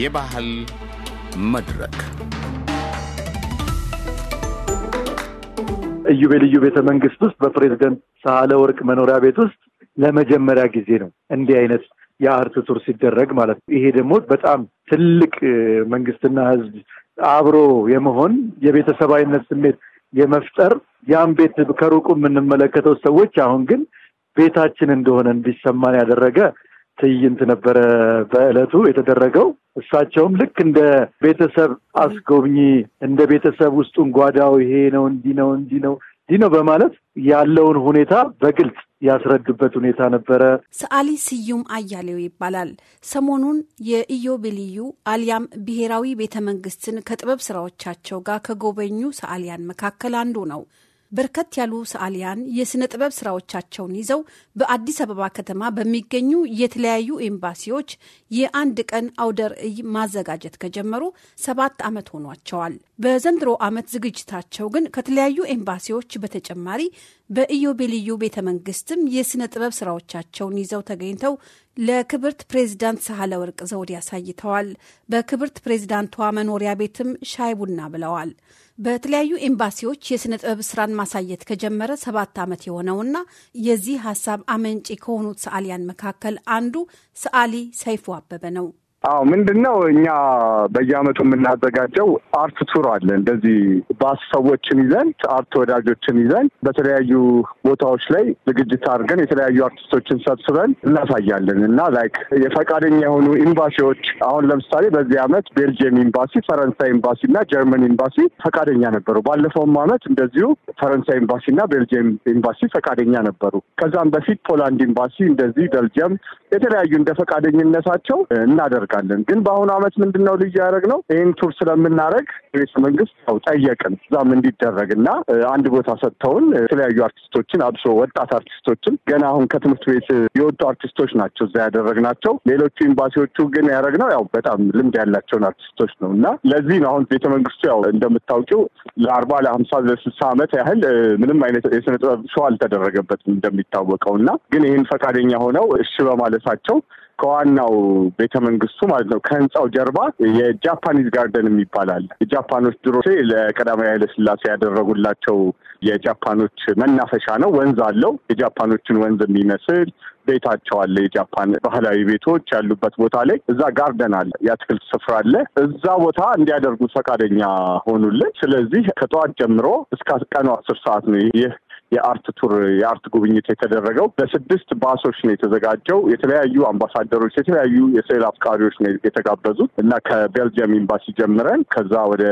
የባህል መድረክ ኢዮቤልዩ ልዩ ቤተ መንግስት ውስጥ በፕሬዚደንት ሳህለ ወርቅ መኖሪያ ቤት ውስጥ ለመጀመሪያ ጊዜ ነው እንዲህ አይነት የአርት ቱር ሲደረግ ማለት ነው። ይሄ ደግሞ በጣም ትልቅ መንግስትና ህዝብ አብሮ የመሆን የቤተሰባዊነት ስሜት የመፍጠር ያም ቤት ከሩቁ የምንመለከተው ሰዎች አሁን ግን ቤታችን እንደሆነ እንዲሰማን ያደረገ ትዕይንት ነበረ በዕለቱ የተደረገው። እሳቸውም ልክ እንደ ቤተሰብ አስጎብኚ እንደ ቤተሰብ ውስጡን ጓዳው ይሄ ነው እንዲህ ነው እንዲህ ነው እንዲህ ነው በማለት ያለውን ሁኔታ በግልጽ ያስረዱበት ሁኔታ ነበረ። ሰዓሊ ስዩም አያሌው ይባላል። ሰሞኑን የኢዮቤልዩ አሊያም ብሔራዊ ቤተ መንግስትን ከጥበብ ስራዎቻቸው ጋር ከጎበኙ ሰዓሊያን መካከል አንዱ ነው። በርከት ያሉ ሰዓሊያን የሥነ ጥበብ ስራዎቻቸውን ይዘው በአዲስ አበባ ከተማ በሚገኙ የተለያዩ ኤምባሲዎች የአንድ ቀን አውደ ርዕይ ማዘጋጀት ከጀመሩ ሰባት ዓመት ሆኗቸዋል። በዘንድሮ ዓመት ዝግጅታቸው ግን ከተለያዩ ኤምባሲዎች በተጨማሪ በኢዮቤልዩ ቤተ መንግስትም የሥነ ጥበብ ስራዎቻቸውን ይዘው ተገኝተው ለክብርት ፕሬዝዳንት ሳህለ ወርቅ ዘውድ ያሳይተዋል። በክብርት ፕሬዚዳንቷ መኖሪያ ቤትም ሻይ ቡና ብለዋል። በተለያዩ ኤምባሲዎች የሥነ ጥበብ ስራን ማሳየት ከጀመረ ሰባት ዓመት የሆነውና የዚህ ሀሳብ አመንጪ ከሆኑት ሰዓሊያን መካከል አንዱ ሰዓሊ ሰይፉ አበበ ነው። አዎ ምንድን ነው እኛ በየአመቱ የምናዘጋጀው አርት ቱር አለ። እንደዚህ ባስ ሰዎችን ይዘን አርት ወዳጆችን ይዘን በተለያዩ ቦታዎች ላይ ዝግጅት አድርገን የተለያዩ አርቲስቶችን ሰብስበን እናሳያለን እና ላይክ የፈቃደኛ የሆኑ ኤምባሲዎች አሁን ለምሳሌ በዚህ አመት ቤልጅየም ኤምባሲ፣ ፈረንሳይ ኤምባሲ እና ጀርመን ኤምባሲ ፈቃደኛ ነበሩ። ባለፈውም አመት እንደዚሁ ፈረንሳይ ኤምባሲ እና ቤልጅየም ኤምባሲ ፈቃደኛ ነበሩ። ከዛም በፊት ፖላንድ ኤምባሲ እንደዚህ፣ ቤልጅየም የተለያዩ እንደ ፈቃደኝነታቸው እናደርጋል። እናሳካለን። ግን በአሁኑ አመት ምንድን ነው ልዩ ነው ይህን ቱር ስለምናደረግ ቤተ መንግስት ያው ጠየቅን እዛም እንዲደረግ እና አንድ ቦታ ሰጥተውን የተለያዩ አርቲስቶችን አብሶ ወጣት አርቲስቶችን ገና አሁን ከትምህርት ቤት የወጡ አርቲስቶች ናቸው እዛ ያደረግ ናቸው ሌሎቹ ኤምባሲዎቹ ግን ያደረግነው ያው በጣም ልምድ ያላቸውን አርቲስቶች ነው እና ለዚህ ነው አሁን ቤተ መንግስቱ ያው እንደምታውቂው ለአርባ ለሀምሳ ለስልሳ ዓመት ያህል ምንም አይነት የስነ ጥበብ ሸዋ አልተደረገበትም እንደሚታወቀው እና ግን ይህን ፈቃደኛ ሆነው እሺ በማለታቸው ከዋናው ቤተ መንግስቱ ማለት ነው ከህንፃው ጀርባ የጃፓኒዝ ጋርደን ይባላል። የጃፓኖች ድሮ ለቀዳማዊ ኃይለስላሴ ያደረጉላቸው የጃፓኖች መናፈሻ ነው። ወንዝ አለው። የጃፓኖችን ወንዝ የሚመስል ቤታቸው አለ። የጃፓን ባህላዊ ቤቶች ያሉበት ቦታ ላይ እዛ ጋርደን አለ፣ የአትክልት ስፍራ አለ። እዛ ቦታ እንዲያደርጉ ፈቃደኛ ሆኑልን። ስለዚህ ከጠዋት ጀምሮ እስከ ቀኑ አስር ሰዓት ነው ይህ የአርት ቱር የአርት ጉብኝት የተደረገው በስድስት ባሶች ነው የተዘጋጀው። የተለያዩ አምባሳደሮች፣ የተለያዩ የስዕል አፍቃሪዎች ነው የተጋበዙት እና ከቤልጅየም ኤምባሲ ጀምረን ከዛ ወደ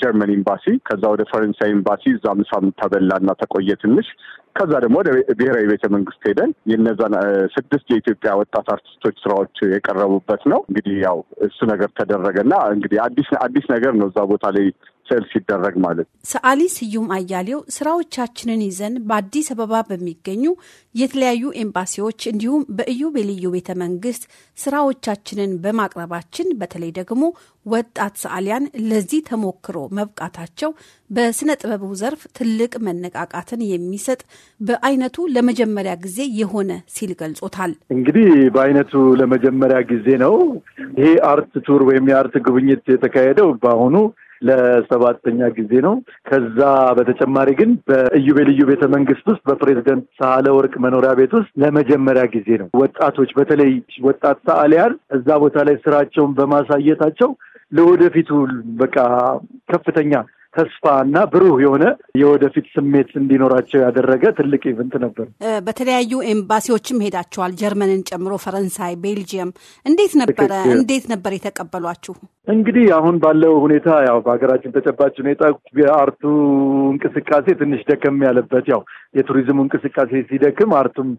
ጀርመን ኤምባሲ፣ ከዛ ወደ ፈረንሳይ ኤምባሲ እዛ ምሳም ተበላና ተቆየ ትንሽ። ከዛ ደግሞ ወደ ብሔራዊ ቤተ መንግስት ሄደን የነዛን ስድስት የኢትዮጵያ ወጣት አርቲስቶች ስራዎች የቀረቡበት ነው። እንግዲህ ያው እሱ ነገር እና እንግዲህ አዲስ አዲስ ነገር ነው እዛ ቦታ ላይ ሴል ሲደረግ ማለት ነው። ሰዓሊ ስዩም አያሌው ስራዎቻችንን ይዘን በአዲስ አበባ በሚገኙ የተለያዩ ኤምባሲዎች እንዲሁም በኢዮቤልዩ ቤተ መንግስት ስራዎቻችንን በማቅረባችን በተለይ ደግሞ ወጣት ሰዓሊያን ለዚህ ተሞክሮ መብቃታቸው በስነ ጥበቡ ዘርፍ ትልቅ መነቃቃትን የሚሰጥ በአይነቱ ለመጀመሪያ ጊዜ የሆነ ሲል ገልጾታል። እንግዲህ በአይነቱ ለመጀመሪያ ጊዜ ነው ይሄ አርት ቱር ወይም የአርት ጉብኝት የተካሄደው በአሁኑ ለሰባተኛ ጊዜ ነው። ከዛ በተጨማሪ ግን በኢዮቤልዩ ቤተ መንግስት ውስጥ በፕሬዚደንት ሳህለ ወርቅ መኖሪያ ቤት ውስጥ ለመጀመሪያ ጊዜ ነው። ወጣቶች በተለይ ወጣት ሰዓሊያን እዛ ቦታ ላይ ስራቸውን በማሳየታቸው ለወደፊቱ በቃ ከፍተኛ ተስፋ እና ብሩህ የሆነ የወደፊት ስሜት እንዲኖራቸው ያደረገ ትልቅ ኢቨንት ነበር። በተለያዩ ኤምባሲዎችም ሄዳችኋል፣ ጀርመንን ጨምሮ ፈረንሳይ፣ ቤልጅየም። እንዴት ነበረ እንዴት ነበር የተቀበሏችሁ? እንግዲህ አሁን ባለው ሁኔታ ያው በሀገራችን ተጨባጭ ሁኔታ የአርቱ እንቅስቃሴ ትንሽ ደከም ያለበት ያው የቱሪዝሙ እንቅስቃሴ ሲደክም አርቱም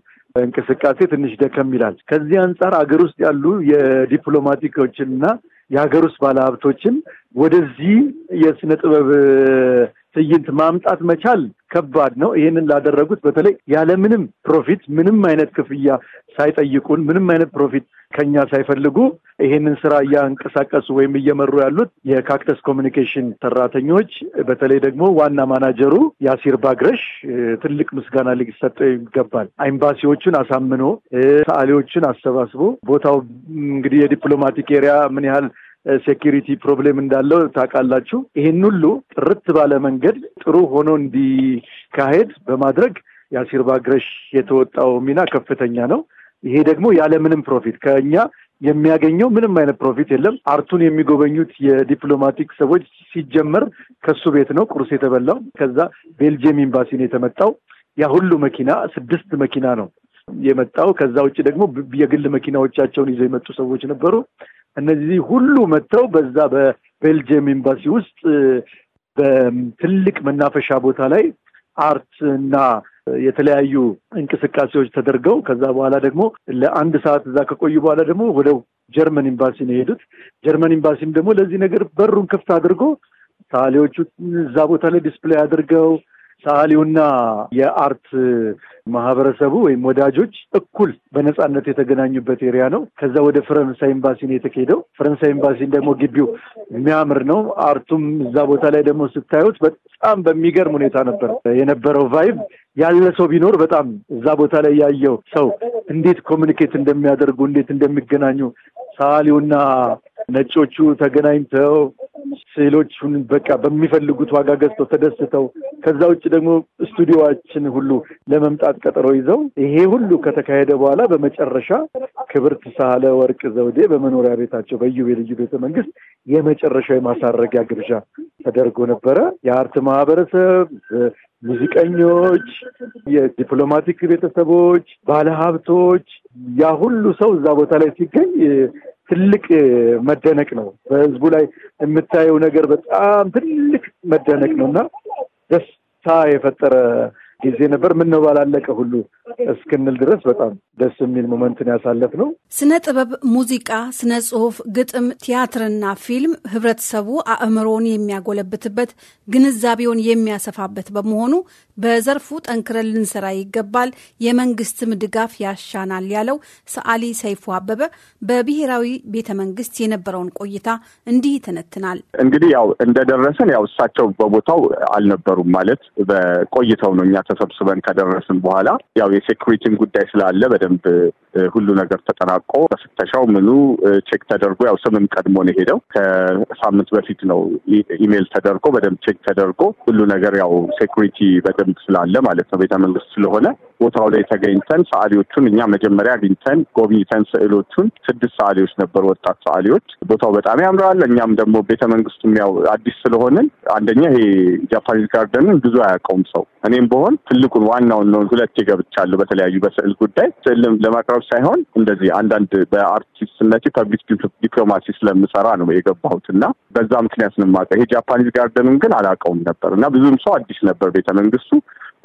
እንቅስቃሴ ትንሽ ደከም ይላል። ከዚህ አንጻር አገር ውስጥ ያሉ እና የሀገር ውስጥ ባለሀብቶችን ወደዚህ የስነ ጥበብ ትዕይንት ማምጣት መቻል ከባድ ነው። ይህንን ላደረጉት በተለይ ያለምንም ፕሮፊት ምንም አይነት ክፍያ ሳይጠይቁን ምንም አይነት ፕሮፊት ከኛ ሳይፈልጉ ይሄንን ስራ እያንቀሳቀሱ ወይም እየመሩ ያሉት የካክተስ ኮሚኒኬሽን ሰራተኞች፣ በተለይ ደግሞ ዋና ማናጀሩ ያሲር ባግረሽ ትልቅ ምስጋና ሊሰጠው ይገባል። ኤምባሲዎቹን አሳምኖ ሰዓሊዎቹን አሰባስቦ ቦታው እንግዲህ የዲፕሎማቲክ ኤሪያ ምን ያህል ሴኪሪቲ ፕሮብሌም እንዳለው ታውቃላችሁ። ይህን ሁሉ ጥርት ባለ መንገድ ጥሩ ሆኖ እንዲካሄድ በማድረግ የአሲር ባግረሽ የተወጣው ሚና ከፍተኛ ነው። ይሄ ደግሞ ያለምንም ፕሮፊት ከእኛ የሚያገኘው ምንም አይነት ፕሮፊት የለም። አርቱን የሚጎበኙት የዲፕሎማቲክ ሰዎች ሲጀመር ከሱ ቤት ነው ቁርስ የተበላው። ከዛ ቤልጅየም ኤምባሲን የተመጣው ያ ሁሉ መኪና ስድስት መኪና ነው የመጣው። ከዛ ውጭ ደግሞ የግል መኪናዎቻቸውን ይዘው የመጡ ሰዎች ነበሩ። እነዚህ ሁሉ መጥተው በዛ በቤልጅየም ኤምባሲ ውስጥ በትልቅ መናፈሻ ቦታ ላይ አርት እና የተለያዩ እንቅስቃሴዎች ተደርገው ከዛ በኋላ ደግሞ ለአንድ ሰዓት እዛ ከቆዩ በኋላ ደግሞ ወደ ጀርመን ኤምባሲ ነው የሄዱት። ጀርመን ኤምባሲም ደግሞ ለዚህ ነገር በሩን ክፍት አድርጎ ሳሌዎቹ እዛ ቦታ ላይ ዲስፕሌይ አድርገው ሰዓሊውና የአርት ማህበረሰቡ ወይም ወዳጆች እኩል በነጻነት የተገናኙበት ኤሪያ ነው። ከዛ ወደ ፈረንሳይ ኤምባሲ ነው የተካሄደው። ፈረንሳይ ኤምባሲን ደግሞ ግቢው የሚያምር ነው። አርቱም እዛ ቦታ ላይ ደግሞ ስታዩት በጣም በሚገርም ሁኔታ ነበር የነበረው ቫይብ ያለ ሰው ቢኖር በጣም እዛ ቦታ ላይ ያየው ሰው እንዴት ኮሚኒኬት እንደሚያደርጉ እንዴት እንደሚገናኙ ሰዓሊውና ነጮቹ ተገናኝተው ስዕሎቹን በቃ በሚፈልጉት ዋጋ ገዝተው ተደስተው ከዛ ውጭ ደግሞ ስቱዲዮችን ሁሉ ለመምጣት ቀጠሮ ይዘው ይሄ ሁሉ ከተካሄደ በኋላ በመጨረሻ ክብርት ሳህለ ወርቅ ዘውዴ በመኖሪያ ቤታቸው በኢዮቤልዩ ቤተ መንግስት የመጨረሻው የማሳረጊያ ግብዣ ተደርጎ ነበረ። የአርት ማህበረሰብ፣ ሙዚቀኞች፣ የዲፕሎማቲክ ቤተሰቦች፣ ባለሀብቶች ያ ሁሉ ሰው እዛ ቦታ ላይ ሲገኝ ትልቅ መደነቅ ነው። በህዝቡ ላይ የምታየው ነገር በጣም ትልቅ መደነቅ ነው እና ደስታ የፈጠረ ጊዜ ነበር። ምን ነው ባላለቀ ሁሉ እስክንል ድረስ በጣም ደስ የሚል ሞመንትን ያሳለፍ ነው። ስነ ጥበብ፣ ሙዚቃ፣ ስነ ጽሁፍ፣ ግጥም፣ ቲያትርና ፊልም ህብረተሰቡ አእምሮውን የሚያጎለብትበት ግንዛቤውን የሚያሰፋበት በመሆኑ በዘርፉ ጠንክረን ልንሰራ ይገባል፣ የመንግስትም ድጋፍ ያሻናል ያለው ሰዓሊ ሰይፉ አበበ በብሔራዊ ቤተ መንግስት የነበረውን ቆይታ እንዲህ ይተነትናል። እንግዲህ ያው እንደደረሰን ያው እሳቸው በቦታው አልነበሩም ማለት በቆይተው ነው እኛ ተሰብስበን ከደረስን በኋላ ያው የሴኩሪቲን ጉዳይ ስላለ በደ በደንብ ሁሉ ነገር ተጠናቆ በፍተሻው ምኑ ቼክ ተደርጎ ያው ስምም ቀድሞ ነው የሄደው። ከሳምንት በፊት ነው ኢሜል ተደርጎ በደንብ ቼክ ተደርጎ ሁሉ ነገር ያው ሴኩሪቲ በደንብ ስላለ ማለት ነው ቤተ መንግስት ስለሆነ ቦታው ላይ ተገኝተን ሰዓሊዎቹን እኛ መጀመሪያ አግኝተን ጎብኝተን ስዕሎቹን ስድስት ሰዓሊዎች ነበር፣ ወጣት ሰዓሊዎች። ቦታው በጣም ያምራል። እኛም ደግሞ ቤተ መንግስቱም ያው አዲስ ስለሆንን አንደኛ ይሄ ጃፓኒዝ ጋርደንን ብዙ አያውቀውም ሰው እኔም በሆን ትልቁን ዋናውን ነው ሁለቴ ገብቻለሁ። በተለያዩ በስዕል ጉዳይ ስዕልም ለማቅረብ ሳይሆን እንደዚህ አንዳንድ በአርቲስትነት ፐብሊክ ዲፕሎማሲ ስለምሰራ ነው የገባሁት እና በዛ ምክንያት ነው የማውቀው። ይሄ ጃፓኒዝ ጋርደኑን ግን አላውቀውም ነበር እና ብዙም ሰው አዲስ ነበር ቤተ መንግስቱ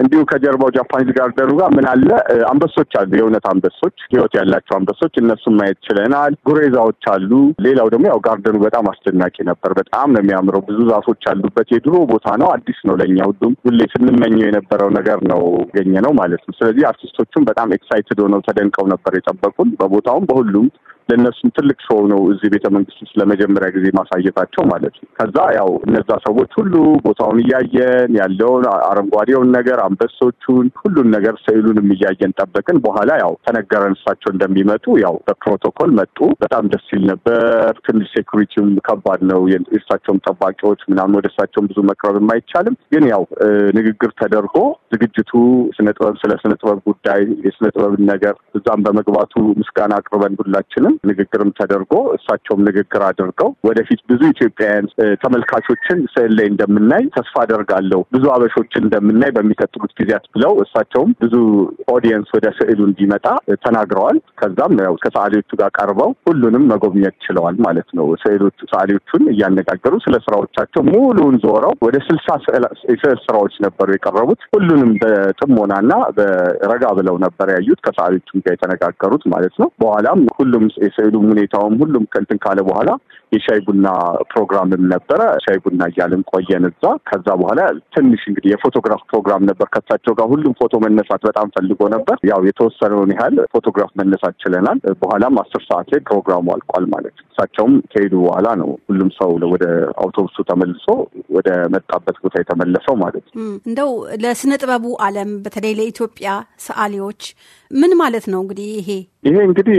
እንዲሁ ከጀርባው ጃፓኒዝ ጋርደኑ ጋር ምን አለ አንበሶች አሉ፣ የእውነት አንበሶች፣ ህይወት ያላቸው አንበሶች፣ እነሱን ማየት ችለናል። ጉሬዛዎች አሉ። ሌላው ደግሞ ያው ጋርደኑ በጣም አስደናቂ ነበር። በጣም ነው የሚያምረው። ብዙ ዛፎች አሉበት። የድሮ ቦታ ነው፣ አዲስ ነው ለእኛ። ሁሉም ሁሌ ስንመኘው የነበረው ነገር ነው ገኘ ነው ማለት ነው። ስለዚህ አርቲስቶቹም በጣም ኤክሳይትድ ሆነው ተደንቀው ነበር የጠበቁን በቦታውም በሁሉም ለእነሱም ትልቅ ሾው ነው እዚህ ቤተ መንግስት ውስጥ ለመጀመሪያ ጊዜ ማሳየታቸው ማለት ነው። ከዛ ያው እነዛ ሰዎች ሁሉ ቦታውን እያየን ያለውን አረንጓዴውን ነገር፣ አንበሶቹን፣ ሁሉን ነገር ስዕሉንም እያየን ጠበቅን። በኋላ ያው ተነገረን እሳቸው እንደሚመጡ ያው በፕሮቶኮል መጡ። በጣም ደስ ሲል ነበር። ትንሽ ሴኩሪቲም ከባድ ነው። የእርሳቸውም ጠባቂዎች ምናምን ወደ እሳቸውም ብዙ መቅረብ አይቻልም። ግን ያው ንግግር ተደርጎ ዝግጅቱ ስነ ጥበብ ስለ ስነ ጥበብ ጉዳይ የስነ ጥበብን ነገር እዛም በመግባቱ ምስጋና አቅርበን ሁላችንም ውይይትም ንግግርም ተደርጎ እሳቸውም ንግግር አድርገው ወደፊት ብዙ ኢትዮጵያውያን ተመልካቾችን ስዕል ላይ እንደምናይ ተስፋ አደርጋለሁ ብዙ አበሾችን እንደምናይ በሚቀጥሉት ጊዜያት ብለው እሳቸውም ብዙ ኦዲየንስ ወደ ስዕሉ እንዲመጣ ተናግረዋል። ከዛም ያው ከሰአሌዎቹ ጋር ቀርበው ሁሉንም መጎብኘት ችለዋል ማለት ነው። ስዕሎቹ ሰአሌዎቹን እያነጋገሩ ስለ ስራዎቻቸው ሙሉውን ዞረው ወደ ስልሳ ስዕል ስራዎች ነበሩ የቀረቡት። ሁሉንም በጥሞናና በረጋ ብለው ነበር ያዩት፣ ከሰዓሊዎቹም ጋር የተነጋገሩት ማለት ነው። በኋላም ሁሉም የስዕሉም ሁኔታውም ሁሉም ከንትን ካለ በኋላ የሻይ ቡና ፕሮግራምም ነበረ። ሻይ ቡና እያልን ቆየን እዛ። ከዛ በኋላ ትንሽ እንግዲህ የፎቶግራፍ ፕሮግራም ነበር ከሳቸው ጋር። ሁሉም ፎቶ መነሳት በጣም ፈልጎ ነበር። ያው የተወሰነውን ያህል ፎቶግራፍ መነሳት ችለናል። በኋላም አስር ሰዓት ላይ ፕሮግራሙ አልቋል ማለት ነው። እሳቸውም ከሄዱ በኋላ ነው ሁሉም ሰው ወደ አውቶቡሱ ተመልሶ ወደ መጣበት ቦታ የተመለሰው ማለት ነው። እንደው ለስነ ጥበቡ ዓለም በተለይ ለኢትዮጵያ ሰዓሊዎች ምን ማለት ነው እንግዲህ ይሄ ይሄ እንግዲህ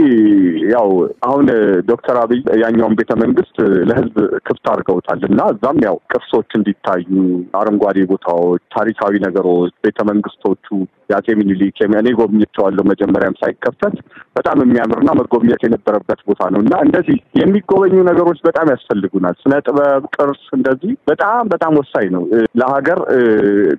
ያው አሁን ዶክተር አብይ ያኛውን ቤተ መንግስት ለህዝብ ክፍት አድርገውታል እና እዛም ያው ቅርሶች እንዲታዩ አረንጓዴ ቦታዎች፣ ታሪካዊ ነገሮች ቤተ መንግስቶቹ የአጼ ሚኒሊክ እኔ ጎብኝቸዋለሁ መጀመሪያም ሳይከፈት በጣም የሚያምርና መጎብኘት የነበረበት ቦታ ነው እና እንደዚህ የሚጎበኙ ነገሮች በጣም ያስፈልጉናል። ስነ ጥበብ፣ ቅርስ እንደዚህ በጣም በጣም ወሳኝ ነው ለሀገር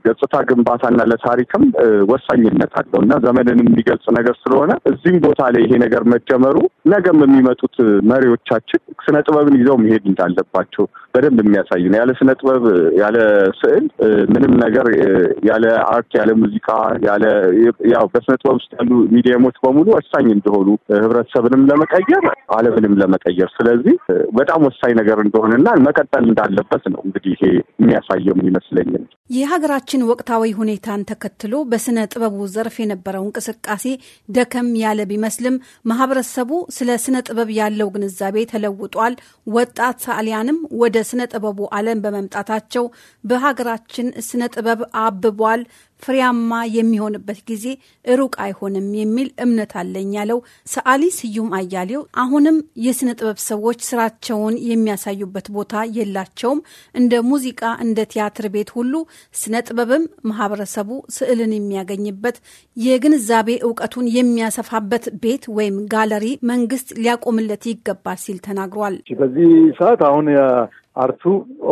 ገጽታ ግንባታና ለታሪክም ወሳኝነት አለው እና ዘመንን የሚገልጽ ነገር ስለሆነ እዚህም ቦታ ዛሬ ይሄ ነገር መጀመሩ ነገም የሚመጡት መሪዎቻችን ስነ ጥበብን ይዘው መሄድ እንዳለባቸው በደንብ የሚያሳይ ነው። ያለ ስነ ጥበብ፣ ያለ ስዕል ምንም ነገር ያለ አርት፣ ያለ ሙዚቃ፣ ያለ ያው በስነ ጥበብ ውስጥ ያሉ ሚዲየሞች በሙሉ ወሳኝ እንደሆኑ ህብረተሰብንም ለመቀየር ዓለምንም ለመቀየር ስለዚህ በጣም ወሳኝ ነገር እንደሆነና መቀጠል እንዳለበት ነው እንግዲህ ይሄ የሚያሳየው ይመስለኛል። የሀገራችን ወቅታዊ ሁኔታን ተከትሎ በስነ ጥበቡ ዘርፍ የነበረው እንቅስቃሴ ደከም ያለ ቢመስል ሲያስልም ማህበረሰቡ ስለ ስነ ጥበብ ያለው ግንዛቤ ተለውጧል። ወጣት ሰዓሊያንም ወደ ስነ ጥበቡ ዓለም በመምጣታቸው በሀገራችን ስነ ጥበብ አብቧል፣ ፍሬያማ የሚሆንበት ጊዜ ሩቅ አይሆንም የሚል እምነት አለኝ ያለው ሰዓሊ ስዩም አያሌው አሁንም የስነ ጥበብ ሰዎች ስራቸውን የሚያሳዩበት ቦታ የላቸውም። እንደ ሙዚቃ፣ እንደ ቲያትር ቤት ሁሉ ስነ ጥበብም ማህበረሰቡ ስዕልን የሚያገኝበት የግንዛቤ እውቀቱን የሚያሰፋበት ቤት ወይም ጋለሪ መንግስት ሊያቆምለት ይገባል ሲል ተናግሯል። በዚህ ሰዓት አሁን አርቱ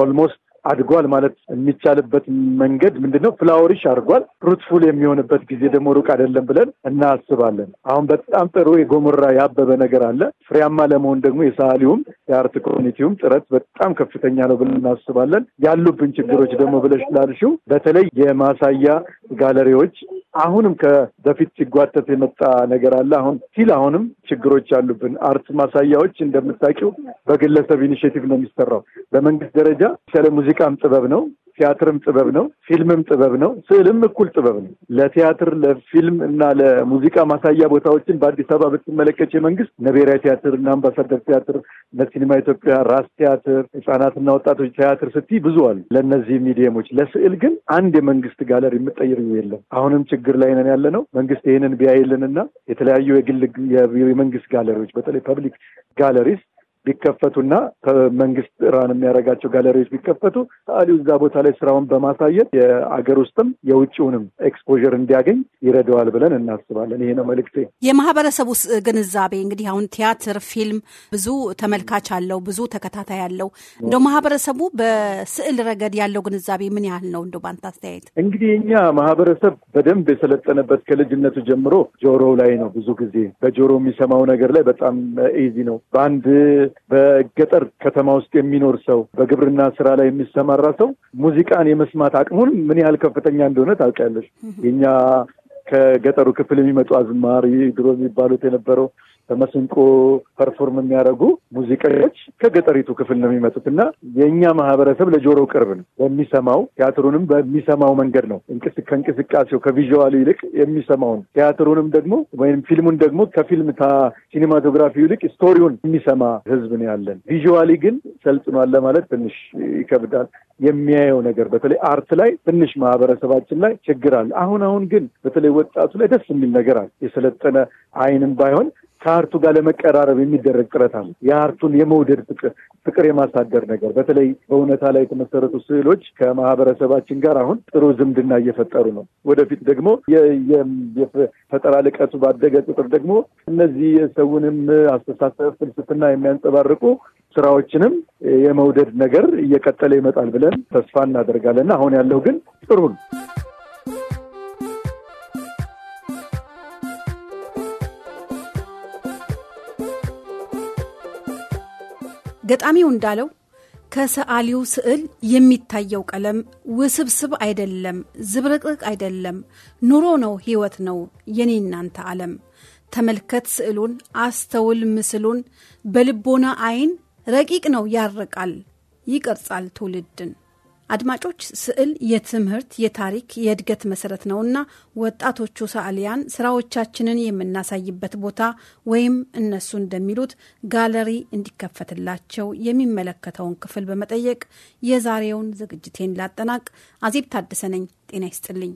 ኦልሞስት አድጓል ማለት የሚቻልበት መንገድ ምንድን ነው? ፍላወሪሽ አድርጓል። ፍሩትፉል የሚሆንበት ጊዜ ደግሞ ሩቅ አይደለም ብለን እናስባለን። አሁን በጣም ጥሩ የጎሞራ ያበበ ነገር አለ። ፍሬያማ ለመሆን ደግሞ የሳሊውም የአርት ኮሚኒቲውም ጥረት በጣም ከፍተኛ ነው ብለን እናስባለን። ያሉብን ችግሮች ደግሞ ብለሽ ላልሽው በተለይ የማሳያ ጋለሪዎች አሁንም ከበፊት ሲጓተት የመጣ ነገር አለ። አሁን ሲል አሁንም ችግሮች አሉብን። አርት ማሳያዎች እንደምታውቂው በግለሰብ ኢኒሽቲቭ ነው የሚሰራው። በመንግስት ደረጃ ስለ ሙዚቃም ጥበብ ነው፣ ቲያትርም ጥበብ ነው፣ ፊልምም ጥበብ ነው፣ ስዕልም እኩል ጥበብ ነው። ለቲያትር ለፊልም እና ለሙዚቃ ማሳያ ቦታዎችን በአዲስ አበባ ብትመለከች የመንግስት ነቤሪያ ቲያትር እና አምባሳደር ቲያትር ለሲኒማ ኢትዮጵያ፣ ራስ ቲያትር፣ ህጻናትና ወጣቶች ቲያትር ስቲ ብዙ አሉ። ለእነዚህ ሚዲየሞች ለስዕል ግን አንድ የመንግስት ጋለሪ የምጠይር የለም። አሁንም ችግር ላይ ነን ያለ ነው። መንግስት ይህንን ቢያይልንና የተለያዩ የግል የመንግስት ጋለሪዎች በተለይ ፐብሊክ ጋለሪስ ቢከፈቱና ከመንግስት ራን የሚያደርጋቸው ጋለሪዎች ቢከፈቱ ሰዓሊው እዛ ቦታ ላይ ስራውን በማሳየት የአገር ውስጥም የውጭውንም ኤክስፖዥር እንዲያገኝ ይረዳዋል ብለን እናስባለን። ይሄ ነው መልእክቴ። ውስጥ ግንዛቤ እንግዲህ አሁን ቲያትር፣ ፊልም ብዙ ተመልካች አለው፣ ብዙ ተከታታይ አለው። እንደው ማህበረሰቡ በስዕል ረገድ ያለው ግንዛቤ ምን ያህል ነው? እንደው ባንተ አስተያየት። እንግዲህ እኛ ማህበረሰብ በደንብ የሰለጠነበት ከልጅነቱ ጀምሮ ጆሮ ላይ ነው። ብዙ ጊዜ በጆሮ የሚሰማው ነገር ላይ በጣም ኢዚ ነው። በአንድ በገጠር ከተማ ውስጥ የሚኖር ሰው፣ በግብርና ስራ ላይ የሚሰማራ ሰው ሙዚቃን የመስማት አቅሙን ምን ያህል ከፍተኛ እንደሆነ ታውቂያለሽ። የኛ ከገጠሩ ክፍል የሚመጡ አዝማሪ ድሮ የሚባሉት የነበረው በመስንቆ ፐርፎርም የሚያደርጉ ሙዚቀኞች ከገጠሪቱ ክፍል ነው የሚመጡት እና የእኛ ማህበረሰብ ለጆሮ ቅርብ ነው። በሚሰማው ቲያትሩንም በሚሰማው መንገድ ነው ከእንቅስቃሴው ከቪዥዋሉ ይልቅ የሚሰማው ነው። ቲያትሩንም ደግሞ ወይም ፊልሙን ደግሞ ከፊልም ሲኒማቶግራፊ ይልቅ ስቶሪውን የሚሰማ ህዝብ ነው ያለን። ቪዥዋሊ ግን ሰልጥኗል ለማለት ትንሽ ይከብዳል። የሚያየው ነገር በተለይ አርት ላይ ትንሽ ማህበረሰባችን ላይ ችግር አለ። አሁን አሁን ግን በተለይ ወጣቱ ላይ ደስ የሚል ነገር አለ። የሰለጠነ አይንም ባይሆን ከአርቱ ጋር ለመቀራረብ የሚደረግ ጥረት አለ። የአርቱን የመውደድ ፍቅር የማሳደር ነገር በተለይ በእውነታ ላይ የተመሰረቱ ስዕሎች ከማህበረሰባችን ጋር አሁን ጥሩ ዝምድና እየፈጠሩ ነው። ወደፊት ደግሞ የፈጠራ ልቀቱ ባደገ ቁጥር ደግሞ እነዚህ የሰውንም አስተሳሰብ ፍልስፍና የሚያንጸባርቁ ስራዎችንም የመውደድ ነገር እየቀጠለ ይመጣል ብለን ተስፋ እናደርጋለን። አሁን ያለው ግን ጥሩ ነው። ገጣሚው እንዳለው ከሰዓሊው ስዕል የሚታየው ቀለም ውስብስብ አይደለም፣ ዝብርቅርቅ አይደለም። ኑሮ ነው፣ ህይወት ነው የኔ እናንተ ዓለም። ተመልከት ስዕሉን፣ አስተውል ምስሉን፣ በልቦና አይን ረቂቅ ነው፣ ያርቃል፣ ይቀርጻል ትውልድን። አድማጮች ስዕል የትምህርት የታሪክ የእድገት መሰረት ነውና ወጣቶቹ ሰዓሊያን ስራዎቻችንን የምናሳይበት ቦታ ወይም እነሱ እንደሚሉት ጋለሪ እንዲከፈትላቸው የሚመለከተውን ክፍል በመጠየቅ የዛሬውን ዝግጅቴን ላጠናቅ። አዜብ ታደሰ ነኝ። ጤና ይስጥልኝ።